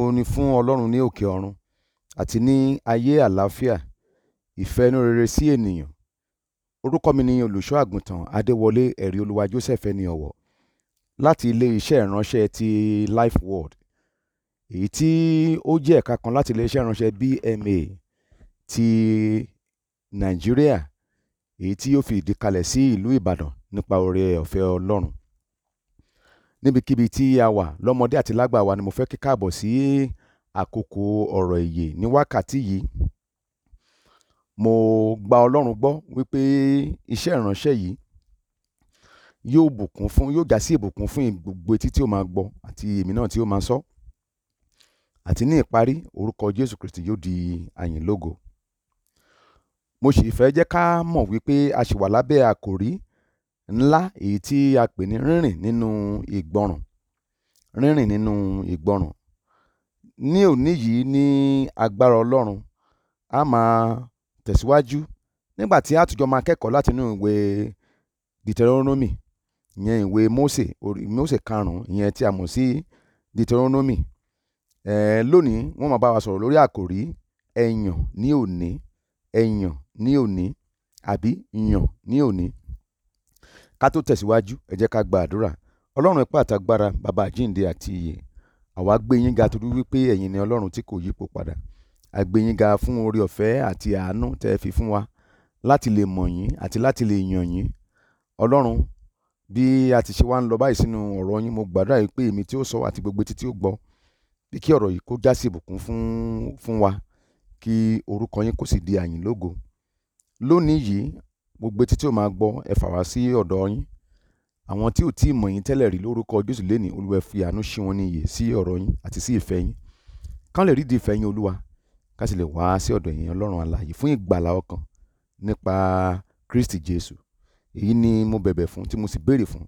Ògo ni fún Ọlọ́run ní òkè ọ̀run, àti ní ayé àlàáfíà, ìfẹ́ inú rere sí ènìyàn. Orúkọ mi ni Olùṣọ́ àgùntàn Adéwọlé ẹ̀rí olúwa Jósẹ̀f ẹni ọ̀wọ̀ láti ilé iṣẹ́ ìránṣẹ́ ti Life Word èyí tí ó jẹ́ ẹ̀ka kan láti ilé iṣẹ́ ìránṣẹ́ BMA ti Nàìjíríà èyí tí ó fi ìdí kalẹ̀ sí ìlú Ìbàdàn nípa oore ọ̀fẹ́ Ọlọ́run níbikíbi tí a wà lọ́mọdé àti lágbà wa ni mo fẹ́ kí káàbọ̀ sí àkókò ọ̀rọ̀ ìyè ní wákàtí yìí mo gba ọlọ́run gbọ́ wípé iṣẹ́ ìránṣẹ́ yìí yóò bùkún fún yóò já sí ìbùkún fún gbogbo etí tí ó máa gbọ́ àti èmi náà tí ó máa sọ àti ní ìparí orúkọ Jésù Kristi yóò di àyìn mo sì fẹ́ jẹ́ ká mọ̀ wípé a ṣì wà lábẹ́ àkòrí ńlá èyí tí a pè ní rírìn nínú ìgbọràn rírìn nínú ìgbọràn ní òní yìí ní agbára ọlọ́run a máa tẹ̀síwájú nígbà tí a tún máa kẹ́kọ̀ọ́ láti inú ìwé deuteronomy ìyẹn ìwé mose orí mose karùn-ún ìyẹn tí a mọ̀ sí deuteronomy eh, lónìí wọ́n máa bá wa sọ̀rọ̀ lórí àkòrí ẹ̀yàn ní òní ẹ̀yàn ní òní àbí yàn ní òní ká tó tẹ̀síwájú ẹ jẹ́ ká gba àdúrà ọlọ́run ẹ̀pẹ́ àtàgbára bàbá àjíǹde àti ìyè àwa gbé yín ga torí wípé ẹ̀yin ni ọlọ́run tí kò yípo padà a gbé yín ga fún oore ọ̀fẹ́ àti àánú tẹ́ ẹ fi fún wa láti lè mọ̀ yín àti láti lè yàn yín ọlọ́run bí a ti ṣe wá ń lọ báyìí sínú ọ̀rọ̀ yín mo gbàdúrà wípé èmi tí ó sọ àti gbogbo etí tí ó gbọ́ bí kí ọ̀rọ̀ yìí kó já sí ìbùkún fún fún wa kí orúkọ yín kó sì di àyìn lógo lónìí yìí mo gbé etí tí ó máa gbọ́, ẹ fà wá sí ọ̀dọ̀ yín. Àwọn tí ò tí ì mọ̀ yín tẹ́lẹ̀ rí lórúkọ Jésù lénìí, Olúwa ẹ fi àánú ṣí wọn ní ìyè sí ọ̀rọ̀ yín àti sí ìfẹ́ yín. Kán lè rídìí ìfẹ́ yín Olúwa, ká sì lè wá sí ọ̀dọ̀ yín Ọlọ́run alààyè fún ìgbàlà ọkàn nípa Kristi Jésù. Èyí ni mo bẹ̀bẹ̀ fún tí mo sì béèrè fún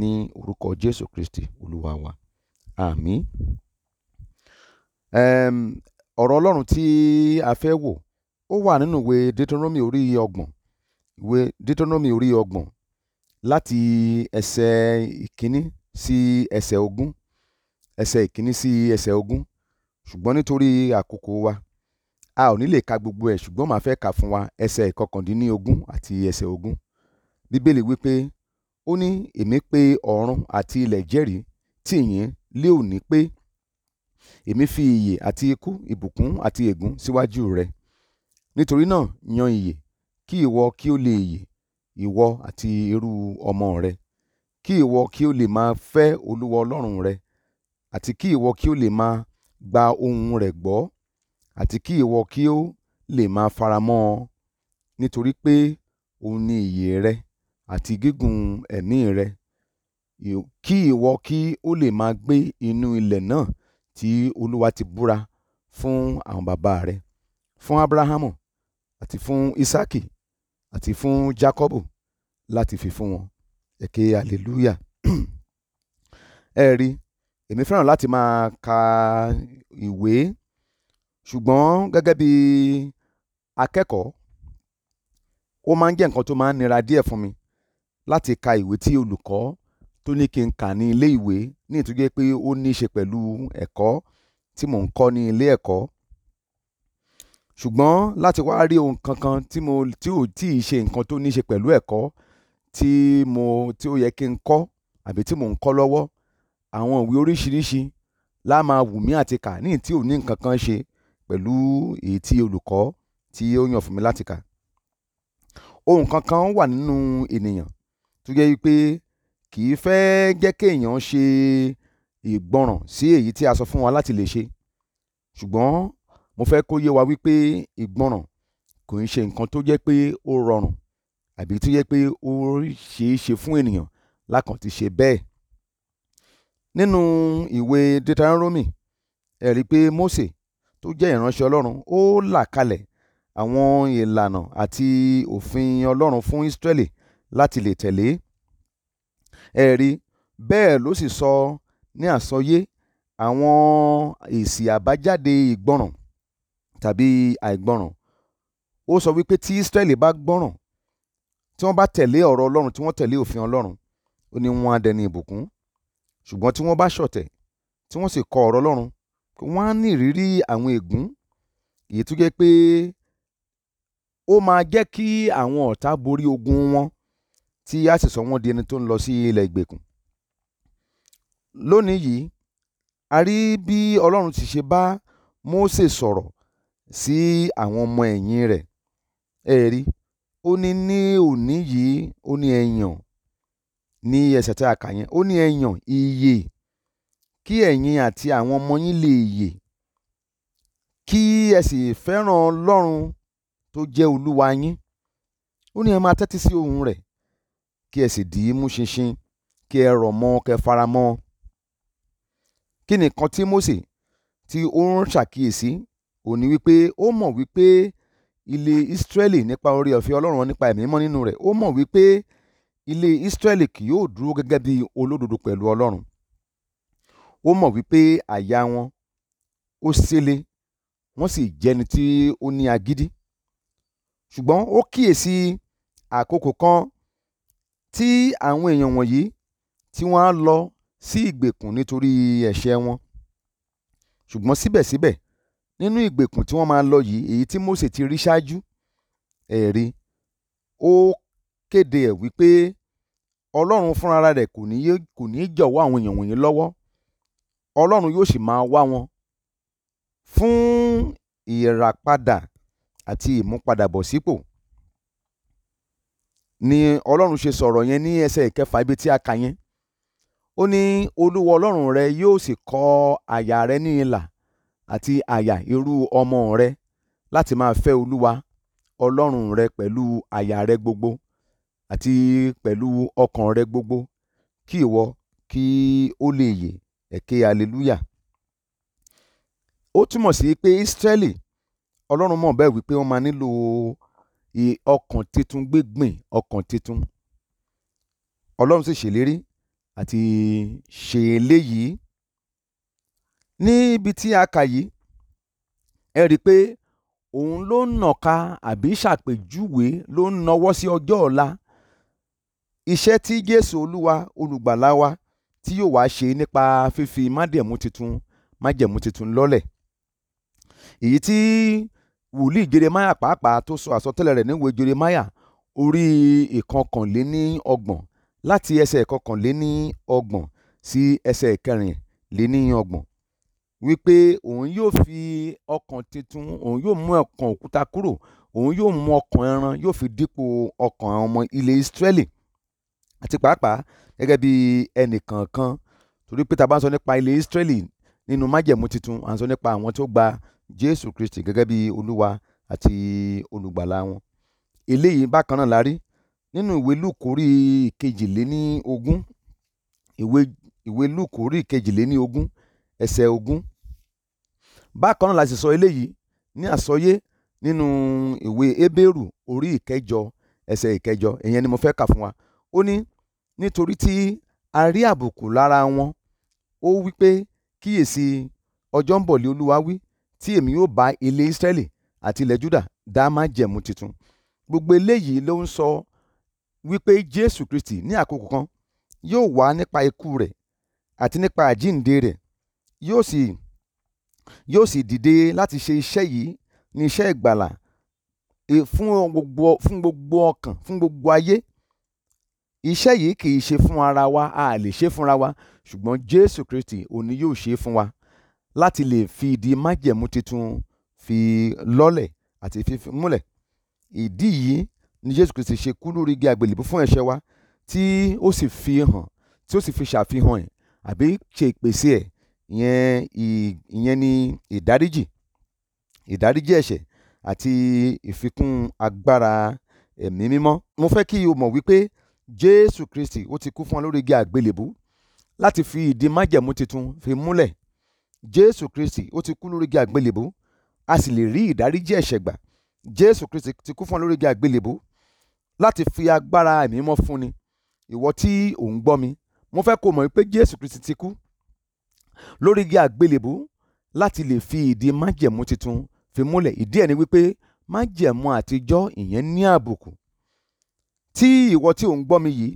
ní orúkọ Jésù Kristi Olúwa wa. Àmín. Ọ̀rọ̀ Ọlọ́run tí a fẹ́ wò ó wà nínú ìwé Deuteronomy orí ọgbọ̀n ìwé dítónómì orí ọgbọ̀n láti ẹsẹ̀ ìkíní sí ẹsẹ̀ ogún ẹsẹ̀ ìkíní sí ẹsẹ̀ ogún ṣùgbọ́n nítorí àkókò wa a ò ní lè ka gbogbo ẹ̀ ṣùgbọ́n màá fẹ́ kà fún wa ẹsẹ̀ ìkọkàndínlógún àti ẹsẹ̀ ogún bíbélì wípé ó ní èmi pé ọ̀run àti ilẹ̀ jẹ́rìí tì yín lé òní pé èmi fi ìyè àti ikú ìbùkún àti ègún síwájú rẹ̀ nítorí náà yan ìyè kí ìwọ kí o lè yè ìwọ àti irú ọmọ rẹ kí ìwọ kí o lè máa fẹ́ olúwa ọlọ́run rẹ àti kí ìwọ kí o lè máa gba ohùn rẹ̀ gbọ́ àti kí ìwọ kí o lè máa faramọ́ ọn nítorí pé òun ni ìyè rẹ àti gígùn ẹ̀mí rẹ kí ìwọ kí o lè máa gbé inú ilẹ̀ náà tí olúwa ti búra fún àwọn baba rẹ fún ábúráhámù àti fún ísákì àti fún Jákọ́bù láti fi fún wọn èké hallelujah ẹ rí èmi fẹ́ràn láti máa ka ìwé ṣùgbọ́n gẹ́gẹ́ bí akẹ́kọ̀ọ́ ó máa ń jẹ́ nǹkan tó máa ń nira díẹ̀ fún mi láti ka ìwé tí olùkọ́ tó ní kí n kà ní ilé ìwé ní ìtújẹ́ pé ó ní í ṣe pẹ̀lú ẹ̀kọ́ tí mò ń kọ́ ní ilé ẹ̀kọ́ ṣùgbọ́n láti wá rí ohun kankan tí mo tí ò tí ì ṣe nǹkan tó ní ṣe pẹ̀lú ẹ̀kọ́ tí mo tí ó yẹ kí n kọ́ àbí tí mò ń kọ́ lọ́wọ́ àwọn ìwé oríṣiríṣi lá máa wù mí àti kà ní tí ò ní nǹkan kan ṣe pẹ̀lú èyí tí olùkọ́ tí ó yàn fún mi láti kà. ohun kankan wà nínú ènìyàn tó jẹ́ wípé kì í fẹ́ jẹ́ kéèyàn ṣe ìgbọràn sí èyí tí a sọ fún wa láti lè ṣe ṣùgbọ́n mo fẹ́ kó yé wa wípé ìgbọràn kò ń ṣe nǹkan tó jẹ́ pé ó rọrùn àbí tó jẹ́ pé ó ṣeé ṣe fún ènìyàn lákàn ti ṣe bẹ́ẹ̀. nínú ìwé Deuteronomy ẹ rí i pé Mósè tó jẹ́ ìránṣẹ́ Ọlọ́run ó là kalẹ̀ àwọn ìlànà àti òfin Ọlọ́run fún Ísírẹ́lì láti lè tẹ̀lé ẹ bẹ́ẹ̀ ló sì sọ ní àsọyé àwọn èsì àbájáde ìgbọràn tàbí àìgbọràn ó sọ wípé tí Ísírẹ́lì bá gbọ́ràn tí wọ́n bá tẹ̀lé ọ̀rọ̀ Ọlọ́run tí wọ́n tẹ̀lé òfin Ọlọ́run ó ní wọn á dẹni ìbùkún ṣùgbọ́n tí wọ́n bá ṣọ̀tẹ̀ tí wọ́n sì kọ ọ̀rọ̀ Ọlọ́run wọ́n á ní ìrírí àwọn ègún èyí tó jẹ́ pé ó máa jẹ́ kí àwọn ọ̀tá borí ogun wọn tí a sì sọ wọ́n di ẹni tó ń lọ sí ilẹ̀ ìgbèkùn lónìí yìí a rí bí Ọlọ́run ti ṣe bá Mósè sọ̀rọ̀ sí àwọn ọmọ ẹ̀yìn rẹ̀ ẹ rí ó ní ní òní yìí ó ní ẹ̀yàn ní ẹsẹ̀ tí a kà yẹn ó ní ẹ̀yàn ìyè kí ẹ̀yin àti àwọn ọmọ yín lè yè kí ẹ sì fẹ́ràn ọlọ́run tó jẹ́ olúwa yín ó ní ẹ máa tẹ́tí sí ohùn rẹ̀ kí ẹ sì dì í mú ṣinṣin kí ẹ rọ̀ mọ́ kẹ fara mọ́ kí nìkan tí Mósè tí ó ń ṣàkíyèsí ò ní wípé ó mọ̀ wípé ilé Ísírẹ́lì nípa oore ọ̀fẹ́ Ọlọ́run nípa ẹ̀mí mímọ́ nínú rẹ̀ ó mọ̀ wípé ilé Ísírẹ́lì kì yóò dúró gẹ́gẹ́ bí olódodo pẹ̀lú Ọlọ́run ó mọ̀ wípé àyà wọn ó ṣẹlẹ̀ wọ́n sì jẹ́ni tí ó ní agídí ṣùgbọ́n ó kíyèsí àkókò kan tí àwọn èèyàn wọ̀nyí tí wọ́n á lọ sí ìgbèkùn nítorí ẹ̀ṣẹ̀ wọn ṣùgbọ́n síbẹ̀síbẹ̀ nínú ìgbèkùn tí wọ́n máa lọ yìí èyí tí Mósè ti rí ṣáájú ẹ̀rí ó kéde ẹ̀ wípé ọlọ́run fúnra rẹ̀ kò ní kò ní jọ̀wọ́ àwọn èèyàn wọ̀nyí lọ́wọ́ ọlọ́run yóò sì máa wá wọn fún ìràpadà àti ìmúpadàbọ̀sípò ni ọlọ́run ṣe sọ̀rọ̀ yẹn ní ẹsẹ̀ ìkẹfà ibi tí a kà yẹn ó ní olúwa ọlọ́run rẹ yóò sì kọ àyà rẹ ní ìlà àti àyà irú ọmọ rẹ láti máa fẹ́ olúwa ọlọ́run rẹ pẹ̀lú àyà rẹ gbogbo àti pẹ̀lú ọkàn rẹ gbogbo kí ìwọ kí ó lè yè ẹ̀kẹ́ hallelujah ó túmọ̀ sí pé Ísírẹ́lì ọlọ́run mọ̀ bẹ́ẹ̀ wípé wọ́n máa nílò ọkàn titun gbígbìn ọkàn titun ọlọ́run sì ṣèlérí àti ṣe ní ibi tí a kà yìí ẹ rí i pé òun ló ń nàka àbí ṣàpèjúwe ló ń nawọ́ sí ọjọ́ ọ̀la iṣẹ́ tí Jésù Olúwa olùgbàlà wa tí yóò wá ṣe nípa fífi májẹ̀mú tuntun májẹ̀mú tuntun lọ́lẹ̀ èyí tí wòlíì Jeremáyà pàápàá tó sọ àsọtẹ́lẹ̀ rẹ̀ níwèé Jeremáyà orí ìkọkànléníọgbọ̀n láti ẹsẹ̀ ìkọkànléníọgbọ̀n sí ẹsẹ̀ ìkẹrìnléníọgbọ̀n wípé òun yóò fi ọkàn tuntun òun yóò mú ọkàn òkúta kúrò òun yóò mú ọkàn ẹran yóò fi dípò ọkàn ọmọ ilẹ̀ Ísírẹ́lì àti pàápàá gẹ́gẹ́ bí ẹnìkọ̀ọ̀kan torí pé tá bá ń sọ nípa ilẹ̀ Ísírẹ́lì nínú májẹ̀mú tuntun à ń sọ nípa àwọn tó gba Jésù Kristi gẹ́gẹ́ bí olúwa àti olùgbàlà wọn eléyìí bákan náà la nínú ìwé Lúùkù kejìléní ogún ìwé ìwé kejìléní ogún ẹsẹ̀ ogún bákan náà la sì sọ eléyìí ní àsọyé nínú ìwé Hébérù orí ìkẹjọ ẹsẹ̀ ìkẹjọ ìyẹn ni mo fẹ́ kà fún wa ó ní nítorí tí a rí àbùkù lára wọn ó wí pé kíyèsí ọjọ́ ń bọ̀ lé Olúwa wí tí èmi yóò bá ilé Ísírẹ́lì àti ilẹ̀ Júdà dá májẹ̀mú tuntun gbogbo eléyìí ló ń sọ wípé Jésù Kristi ní àkókò kan yóò wá nípa ikú rẹ̀ àti nípa àjíǹde rẹ̀ yóò sì si yóò sì dìde láti ṣe iṣẹ́ yìí ní iṣẹ́ ìgbàlà e, fún gbogbo fún gbogbo ọkàn fún gbogbo ayé iṣẹ́ yìí kì í ṣe fún ara wa a lè ṣe fúnra wa ṣùgbọ́n Jésù Kristi òní yóò ṣe fún wa láti lè fi ìdí májẹ̀mú tuntun fi lọ́lẹ̀ àti fífi múlẹ̀ ìdí yìí ni Jésù Kristi ṣe kú lórí igi àgbélébùú fún ẹ̀ṣẹ̀ wa tí ó sì fi hàn tí ó sì fi ṣàfihàn ẹ̀ àbí ṣe ìpèsè ẹ̀ ìyẹn ìyẹn ni ìdáríjì ìdáríjì ẹ̀ṣẹ̀ àti ìfikún agbára ẹ̀mí mímọ́ mo fẹ́ kí o mọ̀ wípé jésù kristi ó ti kú fún ọ lórí igi àgbélébú láti fi ìdí májẹ̀mú titun fi múlẹ̀ jésù kristi ó ti kú lórí igi àgbélébú a sì lè rí ìdáríjì ẹ̀ṣẹ̀ gbà jésù kristi ti kú fún ọ lórí igi àgbélébú láti fi agbára ẹ̀mí mímọ́ fúnni ìwọ tí ò ń gbọ́ mi mo fẹ́ kó mọ̀ wípé jésù kristi ti kú lórí igi àgbélébù láti lè fi ìdí májẹ̀mú tuntun fi múlẹ̀ ìdí ẹ̀ ni wípé májẹ̀mú àtijọ́ ìyẹn ní àbùkù tí ìwọ tí ò ń gbọ́ mi yìí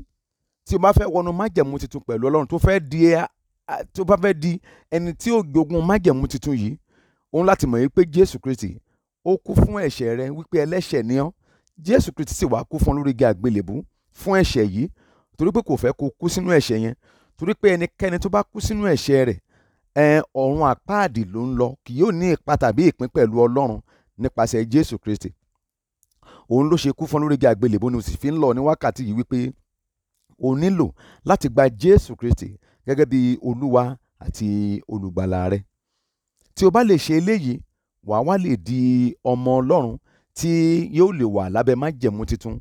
tí o bá fẹ́ wọnú májẹ̀mú tuntun pẹ̀lú ọlọ́run tó fẹ́ di tó bá fẹ́ di ẹni tí ó jogun májẹ̀mú tuntun yìí òun láti mọ̀ wípé jésù kristi ó kú fún ẹ̀ṣẹ̀ rẹ wípé ẹlẹ́ṣẹ̀ ni ọ́ jésù kristi sì wá kú fún lórí igi àgbélébú fún ẹ̀ṣẹ̀ yìí torí pé kò fẹ́ kó kú sínú ẹ̀ṣẹ̀ yẹn torí pé ẹnikẹ́ni tó bá kú sínú ẹ̀ṣẹ̀ rẹ̀ ọ̀run àpáàdì ló ń lọ kì yóò ní ipa tàbí ìpín pẹ̀lú ọlọ́run nípasẹ̀ jésù kristi òun ló ṣe kú fún lórí igi àgbélébó ni mo sì fi ń lọ ní wákàtí yìí wípé o nílò láti gba jésù kristi gẹ́gẹ́ bí olúwa àti olùgbàlà rẹ tí o bá lè ṣe eléyìí wàá wá lè di ọmọ ọlọ́run tí yóò lè wà lábẹ́ májẹ̀mú tuntun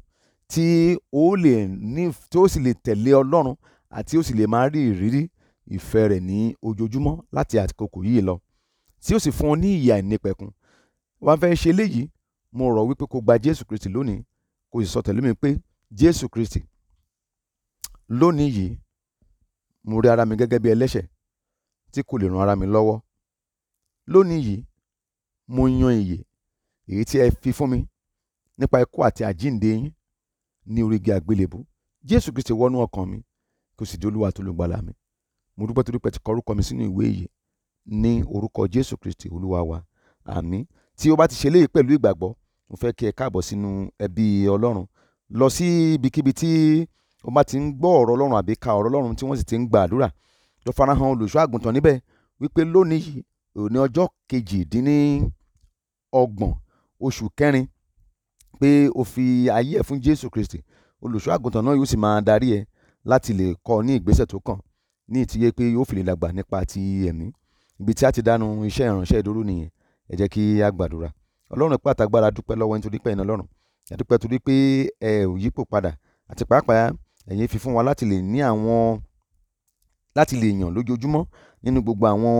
tí ó lè ní tí ó sì lè tẹ̀lé ọlọ́run àti ó sì lè máa rí ìrírí ìfẹ́ rẹ̀ ní ojoojúmọ́ láti àkókò yìí lọ tí ó sì fún ọ ní ìyè àìnípẹ̀kun wá fẹ́ ṣe léyìí mo rọ̀ wípé kó gba jésù kristi lónìí kó sì sọ tẹ̀lé mi pé jésù kristi lónìí yìí mo rí ara mi gẹ́gẹ́ bí ẹlẹ́ṣẹ̀ tí kò lè ran ara mi lọ́wọ́ lónìí yìí mo yan ìyè èyí tí ẹ fi fún mi nípa ikú àti àjíǹde yín ní orígi àgbélébú jésù kristi wọnú ọkàn mi kó sì di olúwa tó lùgbàlà mi mo dúpẹ́ torí pé ti kọ orúkọ mi sínú ìwé yìí ní orúkọ jésù kristi olúwa wa àmín tí o bá ti ṣe léyìí pẹ̀lú ìgbàgbọ́ mo fẹ́ kí ẹ káàbọ̀ sínú ẹbí ọlọ́run lọ sí ibikíbi tí o bá ti ń gbọ́ ọ̀rọ̀ ọlọ́run àbí ka ọ̀rọ̀ ọlọ́run tí wọ́n sì ti ń gba àdúrà lọ farahàn olùṣọ́ àgùntàn níbẹ̀ wípé lónìí òní ọjọ́ kejìdínlọ́gbọ̀n oṣù kẹrin pé o fi ayé ẹ fún jésù kristi olùṣọ́ àgùntàn náà yóò sì máa darí ẹ láti lè kọ́ ní ìgbésẹ̀ tó kàn ní èyí tí yẹ pé yóò fi lè dàgbà nípa ti ẹ̀mí ibi tí a ti dánu iṣẹ́ ìránṣẹ́ dúró nìyẹn ẹ jẹ́ kí a gbàdúrà ọlọ́run pé àtàgbára dúpẹ́ lọ́wọ́ nítorí pé ẹ̀nà ọlọ́run a dúpẹ́ torí pé ẹ ò yípo padà àti pàápàá ẹ̀yin fi fún wa láti lè ní àwọn láti lè yàn lójoojúmọ́ nínú gbogbo àwọn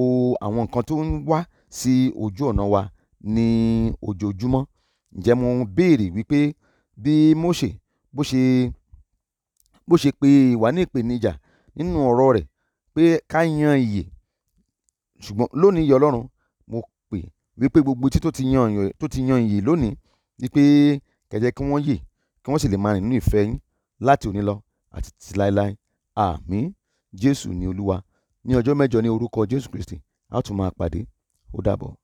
o àwọn nǹkan tó ń wá sí ojú ọ̀nà wa ní ojoojúmọ́ ǹjẹ́ mo béèrè wípé bí Mósè bó ṣe bó ṣe pé ìwà ní ìpèníjà nínú ọ̀rọ̀ rẹ̀ pé ká yan ìyè. Ṣùgbọ́n lónìí ìyè Ọlọ́run, mo pè wípé gbogbo etí tó ti yan ìyè, tó ti yan ìyè lónìí wípé kẹ́ jẹ́ kí wọ́n yè, kí wọ́n sì lè máa rìn nínú ìfẹ́ yín láti òní lọ àti títí láéláé. Àmín. Jésù ni Olúwa. Ní ọjọ́ mẹ́jọ ní orúkọ Jésù Kristi, a ó tún máa pàdé. Ó dàbọ̀.